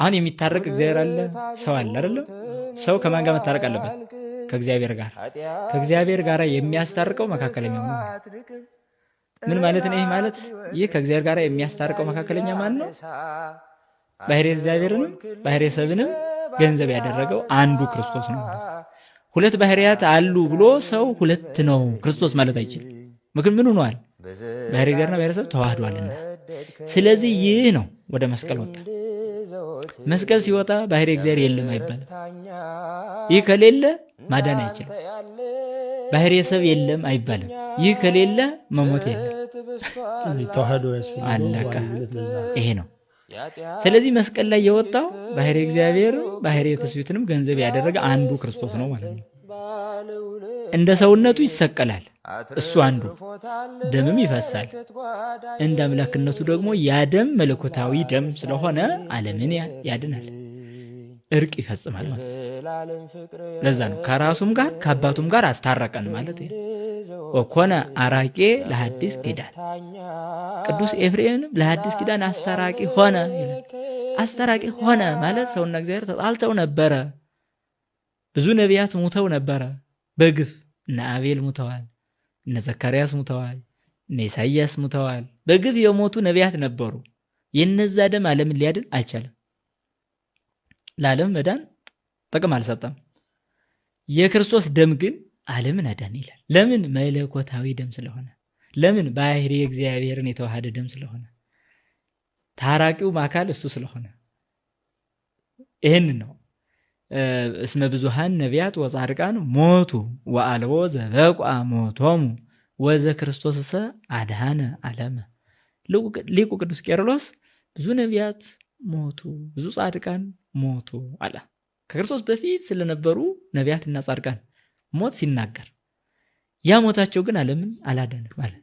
አሁን የሚታረቅ እግዚአብሔር አለ፣ ሰው አለ አይደለም። ሰው ከማን ጋር መታረቅ አለበት? ከእግዚአብሔር ጋር። ከእግዚአብሔር ጋር የሚያስታርቀው መካከለኛ ነው። ምን ማለት ነው? ይህ ማለት ይህ ከእግዚአብሔር ጋር የሚያስታርቀው መካከለኛ ማን ነው? ባህሪ እግዚአብሔርንም ባህሪ ሰብንም ገንዘብ ያደረገው አንዱ ክርስቶስ ነው ማለት ነው። ሁለት ባህሪያት አሉ ብሎ ሰው ሁለት ነው ክርስቶስ ማለት አይችል ምክን ምን ሆኗል? ባህሪ እግዚአብሔርና ባህሪ ሰብ ተዋህዷልና። ስለዚህ ይህ ነው ወደ መስቀል ወጣ መስቀል ሲወጣ ባህሪ እግዚአብሔር የለም አይባልም። ይህ ከሌለ ማዳን አይችልም። ባህሪ ሰብ የለም አይባልም። ይህ ከሌለ መሞት የለም። ይሄ ነው። ስለዚህ መስቀል ላይ የወጣው ባህሪ እግዚአብሔር ባህሪ ትስብእትንም ገንዘብ ያደረገ አንዱ ክርስቶስ ነው ማለት ነው። እንደ ሰውነቱ ይሰቀላል። እሱ አንዱ ደምም ይፈሳል። እንደ አምላክነቱ ደግሞ ያ ደም መለኮታዊ ደም ስለሆነ ዓለምን ያድናል፣ እርቅ ይፈጽማል ማለት ለዛ ነው ከራሱም ጋር ከአባቱም ጋር አስታረቀን ማለት ወኮነ አራቄ ለሐዲስ ኪዳን ቅዱስ ኤፍሬምንም ለሐዲስ ኪዳን አስታራቂ ሆነ። አስታራቂ ሆነ ማለት ሰውና እግዚአብሔር ተጣልተው ነበረ። ብዙ ነቢያት ሙተው ነበረ በግፍ እና አቤል ሙተዋል። እነ ዘካርያስ ሙተዋል፣ እነ ኢሳይያስ ሙተዋል። በግፍ የሞቱ ነቢያት ነበሩ። የነዛ ደም ዓለምን ሊያድን አልቻለም። ለዓለም መዳን ጥቅም አልሰጠም። የክርስቶስ ደም ግን ዓለምን አዳን ይላል። ለምን? መለኮታዊ ደም ስለሆነ። ለምን? ባህሪ እግዚአብሔርን የተዋሃደ ደም ስለሆነ። ታራቂውም አካል እሱ ስለሆነ ይህን ነው እስመ ብዙሃን ነቢያት ወጻድቃን ሞቱ ወአልቦ ዘበቋ ሞቶሙ ወዘ ክርስቶስ ሰ አድሃነ ዓለመ። ሊቁ ቅዱስ ቄርሎስ ብዙ ነቢያት ሞቱ፣ ብዙ ጻድቃን ሞቱ አለ። ከክርስቶስ በፊት ስለነበሩ ነቢያትና ጻድቃን ሞት ሲናገር ያ ሞታቸው ግን ዓለምን አላዳንም አለ።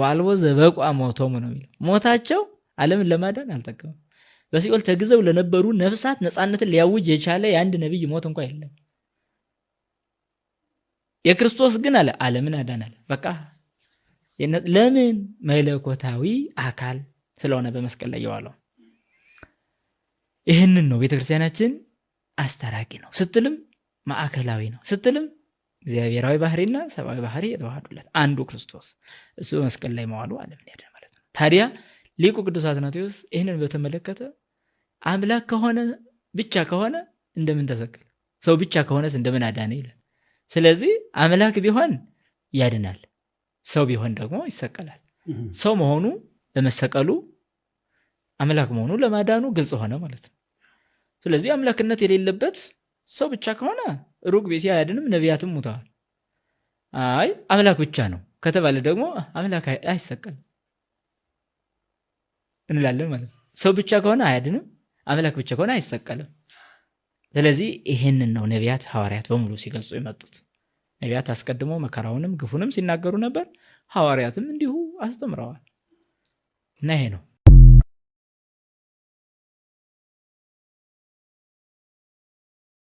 ወአልቦ ዘበቋ ሞቶሙ ነው የሚለው ሞታቸው ዓለምን ለማዳን አልጠቀምም። በሲኦል ተግዘው ለነበሩ ነፍሳት ነፃነትን ሊያውጅ የቻለ የአንድ ነቢይ ሞት እንኳ የለም። የክርስቶስ ግን አለ ዓለምን አዳናል። በቃ ለምን መለኮታዊ አካል ስለሆነ በመስቀል ላይ የዋለው ይህንን ነው። ቤተክርስቲያናችን አስተራቂ ነው ስትልም ማዕከላዊ ነው ስትልም እግዚአብሔራዊ ባህሪና ሰብአዊ ባህሪ የተዋሃዱለት አንዱ ክርስቶስ እሱ በመስቀል ላይ መዋሉ አለምን ያደ ማለት ነው ታዲያ ሊቁ ቅዱስ አትናቴዎስ ይህንን በተመለከተ አምላክ ከሆነ ብቻ ከሆነ እንደምን ተሰቀለ? ሰው ብቻ ከሆነስ እንደምን አዳነ ይላል። ስለዚህ አምላክ ቢሆን ያድናል፣ ሰው ቢሆን ደግሞ ይሰቀላል። ሰው መሆኑ ለመሰቀሉ አምላክ መሆኑ ለማዳኑ ግልጽ ሆነ ማለት ነው። ስለዚህ አምላክነት የሌለበት ሰው ብቻ ከሆነ ሩቅ ቤት አያድንም፣ ነቢያትም ሙተዋል። አይ አምላክ ብቻ ነው ከተባለ ደግሞ አምላክ አይሰቀልም። እንላለን ማለት ነው። ሰው ብቻ ከሆነ አያድንም፣ አምላክ ብቻ ከሆነ አይሰቀልም። ስለዚህ ይሄንን ነው ነቢያት፣ ሐዋርያት በሙሉ ሲገልጹ የመጡት። ነቢያት አስቀድሞ መከራውንም ግፉንም ሲናገሩ ነበር። ሐዋርያትም እንዲሁ አስተምረዋል እና ይሄ ነው